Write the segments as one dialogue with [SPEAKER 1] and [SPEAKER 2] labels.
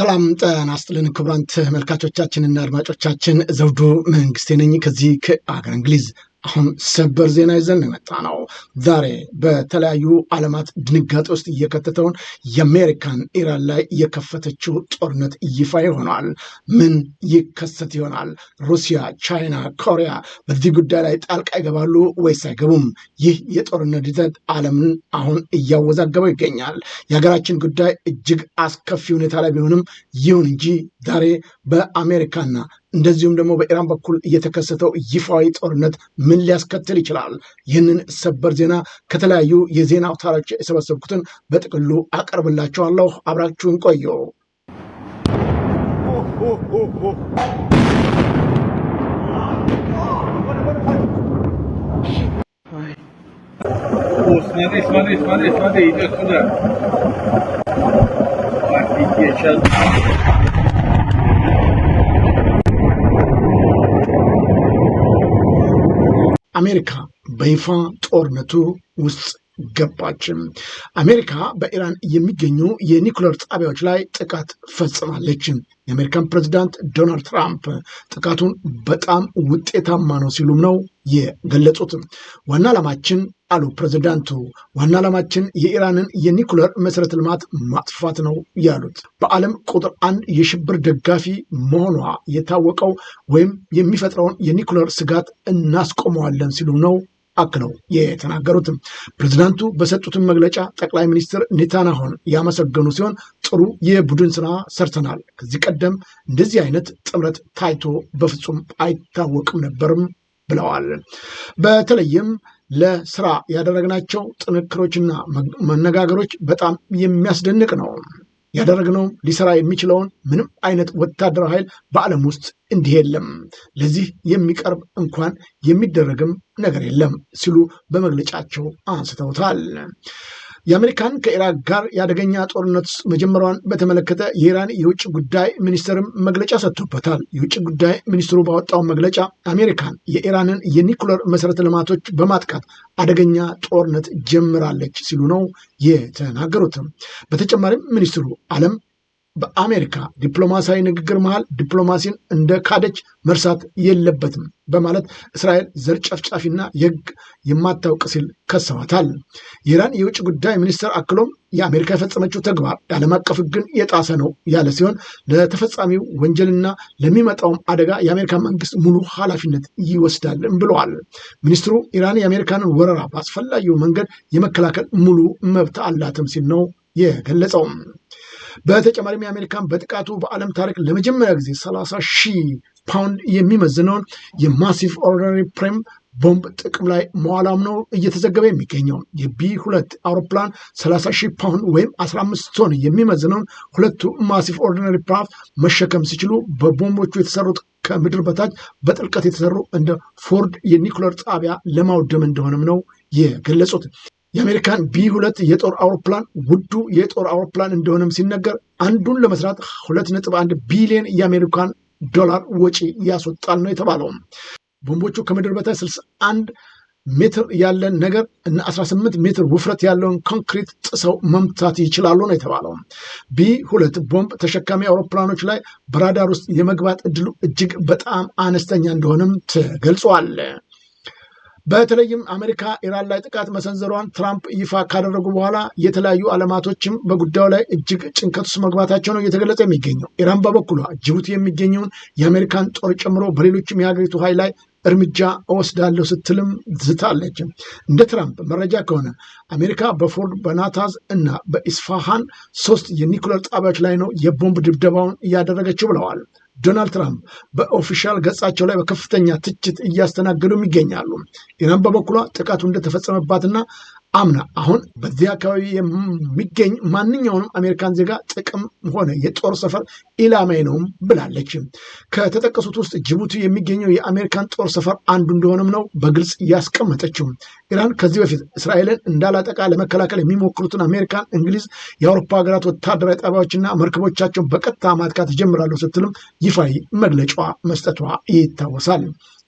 [SPEAKER 1] ሰላም ጠና ይስጥልን ክቡራን ተመልካቾቻችንና አድማጮቻችን ዘውዱ መንግስቴ ነኝ ከዚህ ከአገር እንግሊዝ አሁን ሰበር ዜና ይዘን የመጣ ነው። ዛሬ በተለያዩ ዓለማት ድንጋጤ ውስጥ እየከተተውን የአሜሪካን ኢራን ላይ የከፈተችው ጦርነት ይፋ ይሆናል። ምን ይከሰት ይሆናል? ሩሲያ፣ ቻይና፣ ኮሪያ በዚህ ጉዳይ ላይ ጣልቃ ይገባሉ ወይስ አይገቡም? ይህ የጦርነት ይዘት ዓለምን አሁን እያወዛገበው ይገኛል። የሀገራችን ጉዳይ እጅግ አስከፊ ሁኔታ ላይ ቢሆንም ይሁን እንጂ ዛሬ በአሜሪካና እንደዚሁም ደግሞ በኢራን በኩል የተከሰተው ይፋዊ ጦርነት ምን ሊያስከትል ይችላል? ይህንን ሰበር ዜና ከተለያዩ የዜና አውታሮች የሰበሰብኩትን በጥቅሉ አቀርብላችኋለሁ። አብራችሁን ቆዩ። አሜሪካ በይፋ ጦርነቱ ውስጥ ገባችም። አሜሪካ በኢራን የሚገኙ የኒኩለር ጣቢያዎች ላይ ጥቃት ፈጽማለች። የአሜሪካን ፕሬዚዳንት ዶናልድ ትራምፕ ጥቃቱን በጣም ውጤታማ ነው ሲሉም ነው የገለጹት። ዋና ዓላማችን አሉ ፕሬዚዳንቱ። ዋና ዓላማችን የኢራንን የኒኩለር መሰረተ ልማት ማጥፋት ነው ያሉት። በዓለም ቁጥር አንድ የሽብር ደጋፊ መሆኗ የታወቀው ወይም የሚፈጥረውን የኒኩለር ስጋት እናስቆመዋለን ሲሉ ነው አክለው የተናገሩትም ፕሬዚዳንቱ በሰጡትን መግለጫ ጠቅላይ ሚኒስትር ኔታንያሁን ያመሰገኑ ሲሆን ጥሩ የቡድን ስራ ሰርተናል፣ ከዚህ ቀደም እንደዚህ አይነት ጥምረት ታይቶ በፍጹም አይታወቅም ነበርም ብለዋል። በተለይም ለስራ ያደረግናቸው ጥንክሮችና መነጋገሮች በጣም የሚያስደንቅ ነው። ያደረግነው ሊሰራ የሚችለውን ምንም አይነት ወታደራዊ ኃይል በዓለም ውስጥ እንዲህ የለም። ለዚህ የሚቀርብ እንኳን የሚደረግም ነገር የለም ሲሉ በመግለጫቸው አንስተውታል። የአሜሪካን ከኢራቅ ጋር የአደገኛ ጦርነት መጀመሯን በተመለከተ የኢራን የውጭ ጉዳይ ሚኒስትርም መግለጫ ሰጥቶበታል። የውጭ ጉዳይ ሚኒስትሩ ባወጣው መግለጫ አሜሪካን የኢራንን የኒኩለር መሰረተ ልማቶች በማጥቃት አደገኛ ጦርነት ጀምራለች ሲሉ ነው የተናገሩትም። በተጨማሪም ሚኒስትሩ ዓለም በአሜሪካ ዲፕሎማሲያዊ ንግግር መሃል ዲፕሎማሲን እንደ ካደች መርሳት የለበትም በማለት እስራኤል ዘር ጨፍጫፊና የሕግ የማታውቅ ሲል ከሰዋታል። የኢራን የውጭ ጉዳይ ሚኒስትር አክሎም የአሜሪካ የፈጸመችው ተግባር የዓለም አቀፍ ህግን የጣሰ ነው ያለ ሲሆን ለተፈጻሚው ወንጀልና ለሚመጣውም አደጋ የአሜሪካ መንግስት ሙሉ ኃላፊነት ይወስዳልም ብለዋል። ሚኒስትሩ ኢራን የአሜሪካንን ወረራ በአስፈላጊው መንገድ የመከላከል ሙሉ መብት አላትም ሲል ነው የገለጸው። በተጨማሪም የአሜሪካን በጥቃቱ በዓለም ታሪክ ለመጀመሪያ ጊዜ 30 ሺህ ፓውንድ የሚመዝነውን የማሲቭ ኦርዲናሪ ፕሬም ቦምብ ጥቅም ላይ መዋላም ነው እየተዘገበ የሚገኘው። የቢ ሁለት አውሮፕላን 30 ሺህ ፓውንድ ወይም 15 ቶን የሚመዝነውን ሁለቱ ማሲቭ ኦርዲናሪ ፕራፍ መሸከም ሲችሉ በቦምቦቹ የተሰሩት ከምድር በታች በጥልቀት የተሰሩ እንደ ፎርድ የኒኩለር ጣቢያ ለማውደም እንደሆነም ነው የገለጹት። የአሜሪካን ቢ ሁለት የጦር አውሮፕላን ውዱ የጦር አውሮፕላን እንደሆነም ሲነገር አንዱን ለመስራት ሁለት ነጥብ አንድ ቢሊዮን የአሜሪካን ዶላር ወጪ ያስወጣል ነው የተባለው። ቦምቦቹ ከምድር በታች 61 ሜትር ያለን ነገር እና 18 ሜትር ውፍረት ያለውን ኮንክሪት ጥሰው መምታት ይችላሉ ነው የተባለው። ቢ ሁለት ቦምብ ተሸካሚ አውሮፕላኖች ላይ በራዳር ውስጥ የመግባት እድሉ እጅግ በጣም አነስተኛ እንደሆነም ተገልጿል። በተለይም አሜሪካ ኢራን ላይ ጥቃት መሰንዘሯን ትራምፕ ይፋ ካደረጉ በኋላ የተለያዩ አለማቶችም በጉዳዩ ላይ እጅግ ጭንቀት ውስጥ መግባታቸው ነው እየተገለጸ የሚገኘው። ኢራን በበኩሏ ጅቡቲ የሚገኘውን የአሜሪካን ጦር ጨምሮ በሌሎችም የሀገሪቱ ኃይል ላይ እርምጃ እወስዳለሁ ስትልም ዝታለች። እንደ ትራምፕ መረጃ ከሆነ አሜሪካ በፎርድ በናታዝ እና በኢስፋሃን ሶስት የኒኩለር ጣቢያዎች ላይ ነው የቦምብ ድብደባውን እያደረገችው ብለዋል። ዶናልድ ትራምፕ በኦፊሻል ገጻቸው ላይ በከፍተኛ ትችት እያስተናገዱም ይገኛሉ። ኢራን በበኩሏ ጥቃቱ እንደተፈጸመባትና አምና አሁን በዚህ አካባቢ የሚገኝ ማንኛውንም አሜሪካን ዜጋ ጥቅም ሆነ የጦር ሰፈር ኢላማይ ነውም ብላለች። ከተጠቀሱት ውስጥ ጅቡቲ የሚገኘው የአሜሪካን ጦር ሰፈር አንዱ እንደሆነም ነው በግልጽ ያስቀመጠችው። ኢራን ከዚህ በፊት እስራኤልን እንዳላጠቃ ለመከላከል የሚሞክሩትን አሜሪካን፣ እንግሊዝ፣ የአውሮፓ ሀገራት ወታደራዊ ጣቢያዎችና መርከቦቻቸውን በቀጥታ ማጥቃት ጀምራለሁ ስትልም ይፋዊ መግለጫ መስጠቷ ይታወሳል።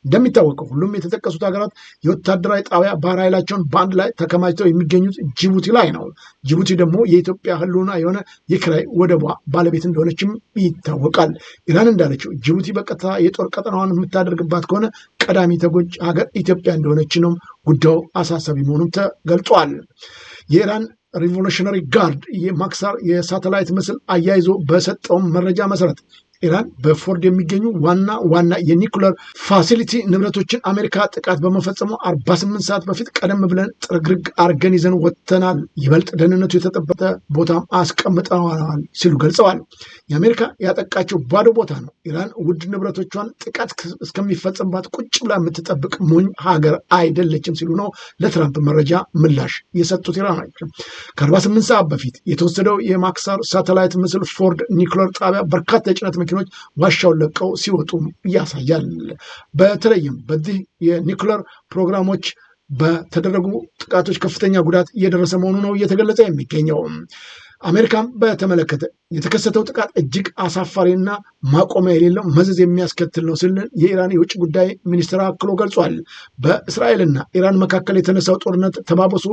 [SPEAKER 1] እንደሚታወቀው ሁሉም የተጠቀሱት ሀገራት የወታደራዊ ጣቢያ ባህር ኃይላቸውን በአንድ ላይ ተከማችተው የሚገኙት ጅቡቲ ላይ ነው። ጅቡቲ ደግሞ የኢትዮጵያ ሕልውና የሆነ የክራይ ወደቧ ባለቤት እንደሆነችም ይታወቃል። ኢራን እንዳለችው ጅቡቲ በቀጥታ የጦር ቀጠናዋን የምታደርግባት ከሆነ ቀዳሚ ተጎጂ ሀገር ኢትዮጵያ እንደሆነች ነው ጉዳዩ አሳሳቢ መሆኑም ተገልጿል። የኢራን ሪቮሉሽነሪ ጋርድ የማክሳር የሳተላይት ምስል አያይዞ በሰጠውም መረጃ መሰረት ኢራን በፎርድ የሚገኙ ዋና ዋና የኒኩለር ፋሲሊቲ ንብረቶችን አሜሪካ ጥቃት በመፈጸሙ 48 ሰዓት በፊት ቀደም ብለን ጥርግርግ አርገን ይዘን ወጥተናል፣ ይበልጥ ደህንነቱ የተጠበቀ ቦታም አስቀምጠዋል ሲሉ ገልጸዋል። የአሜሪካ ያጠቃቸው ባዶ ቦታ ነው። ኢራን ውድ ንብረቶቿን ጥቃት እስከሚፈጸምባት ቁጭ ብላ የምትጠብቅ ሞኝ ሀገር አይደለችም ሲሉ ነው ለትራምፕ መረጃ ምላሽ የሰጡት። ኢራን ከ48 ሰዓት በፊት የተወሰደው የማክሳር ሳተላይት ምስል ፎርድ ኒኩለር ጣቢያ በርካታ የጭነት መኪኖች ዋሻውን ለቀው ሲወጡም ያሳያል። በተለይም በዚህ የኒኩለር ፕሮግራሞች በተደረጉ ጥቃቶች ከፍተኛ ጉዳት እየደረሰ መሆኑ ነው እየተገለጸ የሚገኘው። አሜሪካን በተመለከተ የተከሰተው ጥቃት እጅግ አሳፋሪና ማቆሚያ የሌለው መዘዝ የሚያስከትል ነው ስል የኢራን የውጭ ጉዳይ ሚኒስትር አክሎ ገልጿል። በእስራኤልና ኢራን መካከል የተነሳው ጦርነት ተባበሱ፣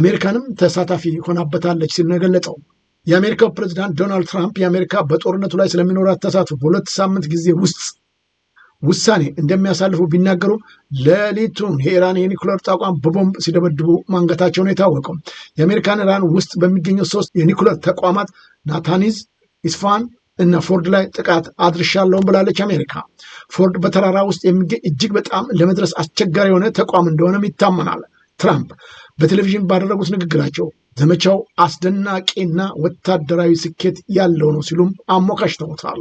[SPEAKER 1] አሜሪካንም ተሳታፊ ሆናበታለች ሲል ነው የገለጸው። የአሜሪካው ፕሬዚዳንት ዶናልድ ትራምፕ የአሜሪካ በጦርነቱ ላይ ስለሚኖራት ተሳትፎ በሁለት ሳምንት ጊዜ ውስጥ ውሳኔ እንደሚያሳልፉ ቢናገሩ ሌሊቱን የኢራን የኒኩለር ተቋም በቦምብ ሲደበድቡ ማንገታቸውን የታወቀው የአሜሪካን ኢራን ውስጥ በሚገኘው ሶስት የኒኩለር ተቋማት ናታኒዝ፣ ኢስፋን እና ፎርድ ላይ ጥቃት አድርሻለሁም ብላለች አሜሪካ። ፎርድ በተራራ ውስጥ የሚገኝ እጅግ በጣም ለመድረስ አስቸጋሪ የሆነ ተቋም እንደሆነም ይታመናል። ትራምፕ በቴሌቪዥን ባደረጉት ንግግራቸው ዘመቻው አስደናቂና ወታደራዊ ስኬት ያለው ነው ሲሉም አሞካሽተውታል።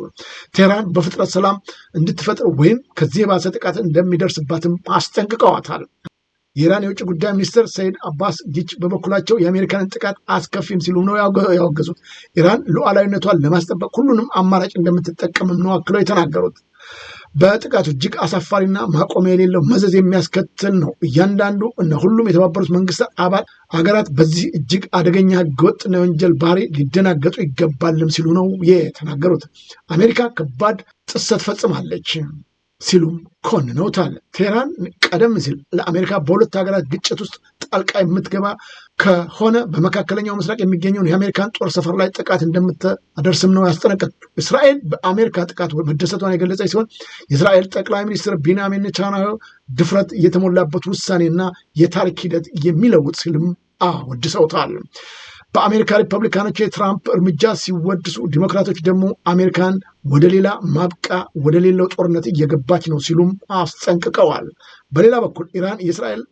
[SPEAKER 1] ቴህራን በፍጥረት ሰላም እንድትፈጥር ወይም ከዚህ የባሰ ጥቃት እንደሚደርስባትም አስጠንቅቀዋታል። የኢራን የውጭ ጉዳይ ሚኒስትር ሰይድ አባስ ጊች በበኩላቸው የአሜሪካንን ጥቃት አስከፊም ሲሉ ነው ያወገዙት። ኢራን ሉዓላዊነቷን ለማስጠበቅ ሁሉንም አማራጭ እንደምትጠቀምም ነው አክለው የተናገሩት። በጥቃቱ እጅግ አሳፋሪና ማቆሚያ የሌለው መዘዝ የሚያስከትል ነው። እያንዳንዱ እና ሁሉም የተባበሩት መንግስታት አባል አገራት በዚህ እጅግ አደገኛ ህገወጥ የወንጀል ባህሪ ሊደናገጡ ይገባልም ሲሉ ነው የተናገሩት። አሜሪካ ከባድ ጥሰት ፈጽማለች ሲሉም ኮንነውታል። ቴህራን ቀደም ሲል ለአሜሪካ በሁለት ሀገራት ግጭት ውስጥ ጣልቃ የምትገባ ከሆነ በመካከለኛው ምስራቅ የሚገኘውን የአሜሪካን ጦር ሰፈር ላይ ጥቃት እንደምታደርስም ነው ያስጠነቀቀችው። እስራኤል በአሜሪካ ጥቃት መደሰቷን የገለጸ ሲሆን የእስራኤል ጠቅላይ ሚኒስትር ቢንያሚን ኔታንያሁ ድፍረት የተሞላበት ውሳኔና የታሪክ ሂደት የሚለውጥ ሲልም አወድሰውታል። በአሜሪካ ሪፐብሊካኖች የትራምፕ እርምጃ ሲወድሱ፣ ዲሞክራቶች ደግሞ አሜሪካን ወደ ሌላ ማብቃ ወደ ሌላው ጦርነት እየገባች ነው ሲሉም አስጠንቅቀዋል። በሌላ በኩል ኢራን የእስራኤል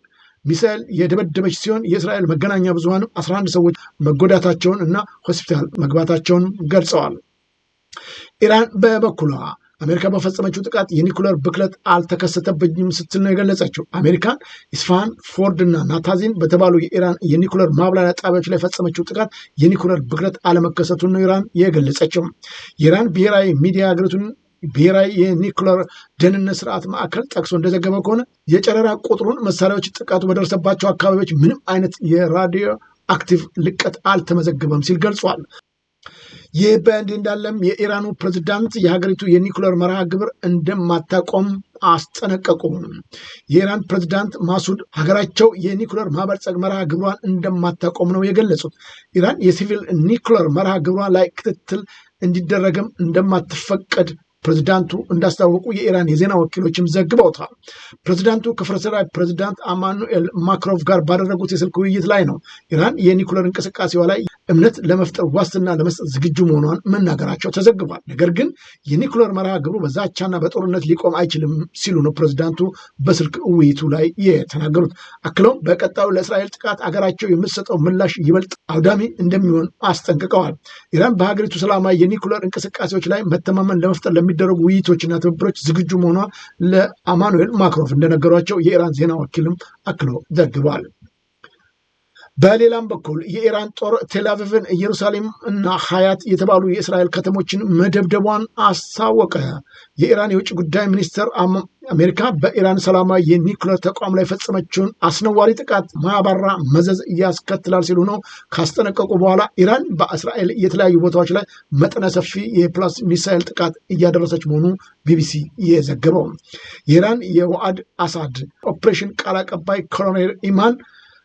[SPEAKER 1] ሚሳኤል የደበደበች ሲሆን የእስራኤል መገናኛ ብዙኃንም 11 ሰዎች መጎዳታቸውን እና ሆስፒታል መግባታቸውን ገልጸዋል። ኢራን በበኩሏ አሜሪካ በፈጸመችው ጥቃት የኒኩለር ብክለት አልተከሰተብኝም ስትል ነው የገለጸችው። አሜሪካን ኢስፋሃን፣ ፎርድ እና ናታዚን በተባሉ የኢራን የኒኩለር ማብላሪያ ጣቢያዎች ላይ የፈጸመችው ጥቃት የኒኩለር ብክለት አለመከሰቱን ነው ኢራን የገለጸችው። የኢራን ብሔራዊ ሚዲያ ሀገሪቱን ብሔራዊ የኒክለር ደህንነት ስርዓት ማዕከል ጠቅሶ እንደዘገበ ከሆነ የጨረራ ቁጥሩን መሳሪያዎች ጥቃቱ በደረሰባቸው አካባቢዎች ምንም አይነት የራዲዮ አክቲቭ ልቀት አልተመዘገበም ሲል ገልጿል። ይህ በእንዲህ እንዳለም የኢራኑ ፕሬዚዳንት የሀገሪቱ የኒኩለር መርሃ ግብር እንደማታቆም አስጠነቀቁ። የኢራን ፕሬዚዳንት ማሱድ ሀገራቸው የኒኩለር ማበልጸግ መርሃ ግብሯን እንደማታቆም ነው የገለጹት። ኢራን የሲቪል ኒኩለር መርሃ ግብሯ ላይ ክትትል እንዲደረግም እንደማትፈቀድ ፕሬዚዳንቱ እንዳስታወቁ የኢራን የዜና ወኪሎችም ዘግበውታል። ፕሬዚዳንቱ ከፈረንሳይ ፕሬዚዳንት አማኑኤል ማክሮቭ ጋር ባደረጉት የስልክ ውይይት ላይ ነው ኢራን የኒኩለር እንቅስቃሴዋ ላይ እምነት ለመፍጠር ዋስትና ለመስጠት ዝግጁ መሆኗን መናገራቸው ተዘግቧል። ነገር ግን የኒኩለር መርሃ ግብሩ በዛቻና በጦርነት ሊቆም አይችልም ሲሉ ነው ፕሬዚዳንቱ በስልክ ውይይቱ ላይ የተናገሩት። አክለውም በቀጣዩ ለእስራኤል ጥቃት አገራቸው የምትሰጠው ምላሽ ይበልጥ አውዳሚ እንደሚሆን አስጠንቅቀዋል። ኢራን በሀገሪቱ ሰላማዊ የኒኩለር እንቅስቃሴዎች ላይ መተማመን ለመፍጠር ለሚ ለሚደረጉ ውይይቶችና ትብብሮች ዝግጁ መሆኗ ለአማኑኤል ማክሮፍ እንደነገሯቸው የኢራን ዜና ወኪልም አክሎ ዘግቧል። በሌላም በኩል የኢራን ጦር ቴላቪቭን ኢየሩሳሌም እና ሀያት የተባሉ የእስራኤል ከተሞችን መደብደቧን አስታወቀ። የኢራን የውጭ ጉዳይ ሚኒስትር አሜሪካ በኢራን ሰላማዊ የኒውክሌር ተቋም ላይ ፈጸመችውን አስነዋሪ ጥቃት ማያባራ መዘዝ እያስከትላል ሲሉ ነው ካስጠነቀቁ በኋላ ኢራን በእስራኤል የተለያዩ ቦታዎች ላይ መጠነ ሰፊ የፕላስ ሚሳይል ጥቃት እያደረሰች መሆኑ ቢቢሲ የዘገበው። የኢራን የዋዕድ አሳድ ኦፕሬሽን ቃል አቀባይ ኮሎኔል ኢማን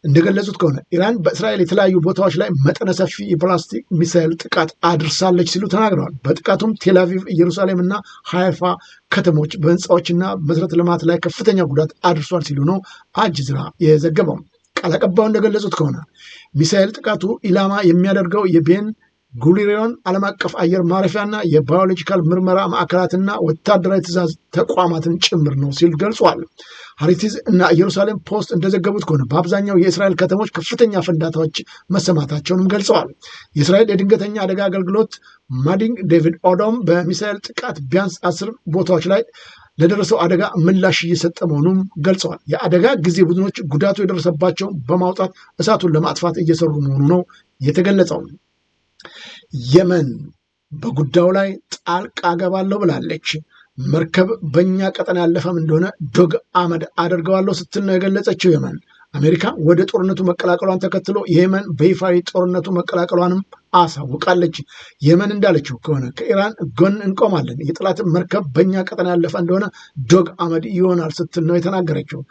[SPEAKER 1] እንደገለጹት ከሆነ ኢራን በእስራኤል የተለያዩ ቦታዎች ላይ መጠነ ሰፊ የፕላስቲክ ሚሳይል ጥቃት አድርሳለች ሲሉ ተናግረዋል። በጥቃቱም ቴላቪቭ ኢየሩሳሌም እና ሃይፋ ከተሞች በህንፃዎችና መሰረተ ልማት ላይ ከፍተኛ ጉዳት አድርሷል ሲሉ ነው አጅዝራ የዘገበው። ቃል አቀባዩ እንደገለጹት ከሆነ ሚሳይል ጥቃቱ ኢላማ የሚያደርገው የቤን ጉሊዮን ዓለም አቀፍ አየር ማረፊያና የባዮሎጂካል ምርመራ ማዕከላትና ወታደራዊ ትእዛዝ ተቋማትን ጭምር ነው ሲል ገልጿል። ሀሪቲዝ እና ኢየሩሳሌም ፖስት እንደዘገቡት ከሆነ በአብዛኛው የእስራኤል ከተሞች ከፍተኛ ፍንዳታዎች መሰማታቸውንም ገልጸዋል። የእስራኤል የድንገተኛ አደጋ አገልግሎት ማዲንግ ዴቪድ ኦዶም በሚሳኤል ጥቃት ቢያንስ አስር ቦታዎች ላይ ለደረሰው አደጋ ምላሽ እየሰጠ መሆኑም ገልጸዋል። የአደጋ ጊዜ ቡድኖች ጉዳቱ የደረሰባቸውን በማውጣት እሳቱን ለማጥፋት እየሰሩ መሆኑ ነው የተገለጸው። የመን በጉዳዩ ላይ ጣልቃ ገባለሁ ብላለች። መርከብ በእኛ ቀጠና ያለፈም እንደሆነ ዶግ አመድ አደርገዋለሁ ስትል ነው የገለጸችው። የመን አሜሪካ ወደ ጦርነቱ መቀላቀሏን ተከትሎ የየመን በይፋዊ ጦርነቱ መቀላቀሏንም አሳውቃለች። የመን እንዳለችው ከሆነ ከኢራን ጎን እንቆማለን፣ የጠላት መርከብ በእኛ ቀጠና ያለፈ እንደሆነ ዶግ አመድ ይሆናል ስትል ነው የተናገረችው።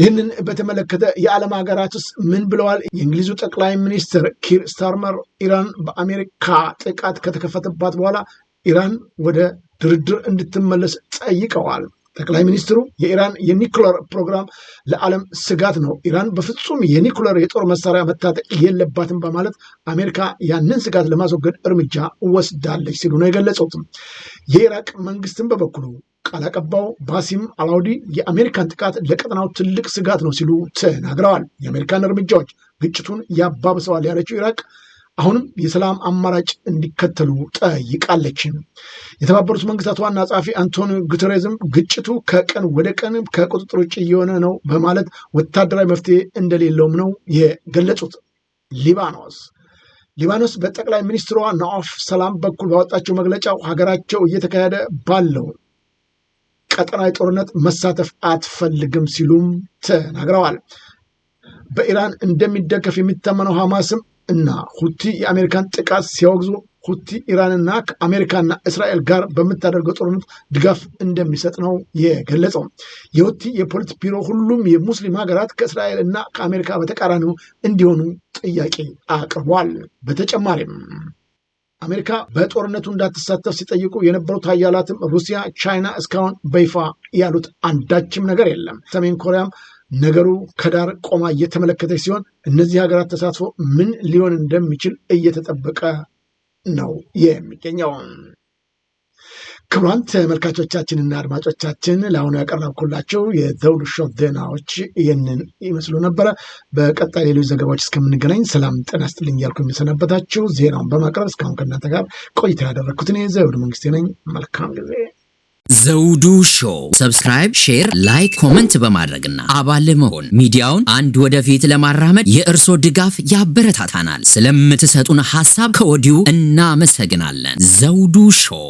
[SPEAKER 1] ይህንን በተመለከተ የዓለም ሀገራት ውስጥ ምን ብለዋል? የእንግሊዙ ጠቅላይ ሚኒስትር ኪር ስታርመር ኢራን በአሜሪካ ጥቃት ከተከፈተባት በኋላ ኢራን ወደ ድርድር እንድትመለስ ጠይቀዋል። ጠቅላይ ሚኒስትሩ የኢራን የኒኩለር ፕሮግራም ለዓለም ስጋት ነው፣ ኢራን በፍጹም የኒኩለር የጦር መሳሪያ መታጠቅ የለባትም በማለት አሜሪካ ያንን ስጋት ለማስወገድ እርምጃ ወስዳለች ሲሉ ነው የገለጸውትም። የኢራቅ መንግስትም በበኩሉ ቃል አቀባው ባሲም አላውዲ የአሜሪካን ጥቃት ለቀጠናው ትልቅ ስጋት ነው ሲሉ ተናግረዋል። የአሜሪካን እርምጃዎች ግጭቱን ያባብሰዋል ያለችው ኢራቅ አሁንም የሰላም አማራጭ እንዲከተሉ ጠይቃለች። የተባበሩት መንግስታት ዋና ጸሐፊ አንቶኒ ጉተሬዝም ግጭቱ ከቀን ወደ ቀን ከቁጥጥር ውጭ እየሆነ ነው በማለት ወታደራዊ መፍትሄ እንደሌለውም ነው የገለጹት። ሊባኖስ ሊባኖስ በጠቅላይ ሚኒስትሯ ናኦፍ ሰላም በኩል ባወጣቸው መግለጫው ሀገራቸው እየተካሄደ ባለው ቀጠናዊ ጦርነት መሳተፍ አትፈልግም ሲሉም ተናግረዋል። በኢራን እንደሚደገፍ የሚታመነው ሐማስም እና ሁቲ የአሜሪካን ጥቃት ሲያወግዙ ሁቲ ኢራንና ከአሜሪካና እስራኤል ጋር በምታደርገው ጦርነት ድጋፍ እንደሚሰጥ ነው የገለጸው። የሁቲ የፖለቲክ ቢሮ ሁሉም የሙስሊም ሀገራት ከእስራኤል እና ከአሜሪካ በተቃራኒው እንዲሆኑ ጥያቄ አቅርቧል። በተጨማሪም አሜሪካ በጦርነቱ እንዳትሳተፍ ሲጠይቁ የነበሩት ሀያላትም ሩሲያ፣ ቻይና እስካሁን በይፋ ያሉት አንዳችም ነገር የለም። ሰሜን ኮሪያም ነገሩ ከዳር ቆማ እየተመለከተች ሲሆን እነዚህ ሀገራት ተሳትፎ ምን ሊሆን እንደሚችል እየተጠበቀ ነው የሚገኘው። ክቡራን ተመልካቾቻችንና አድማጮቻችን ለአሁኑ ያቀረብኩላቸው የዘውዱ ሾው ዜናዎች ይህንን ይመስሉ ነበረ። በቀጣይ ሌሎች ዘገባዎች እስከምንገናኝ ሰላም ጤና ይስጥልኝ እያልኩ የሚሰናበታችሁ ዜናውን በማቅረብ እስካሁን ከእናንተ ጋር ቆይታ ያደረግኩት እኔ ዘውዱ መንግስቴ ነኝ። መልካም ጊዜ። ዘውዱ ሾው ሰብስክራይብ፣ ሼር፣ ላይክ፣ ኮመንት በማድረግና አባል መሆን ሚዲያውን አንድ ወደፊት ለማራመድ የእርሶ ድጋፍ ያበረታታናል። ስለምትሰጡን ሀሳብ ከወዲሁ እናመሰግናለን። ዘውዱ ሾው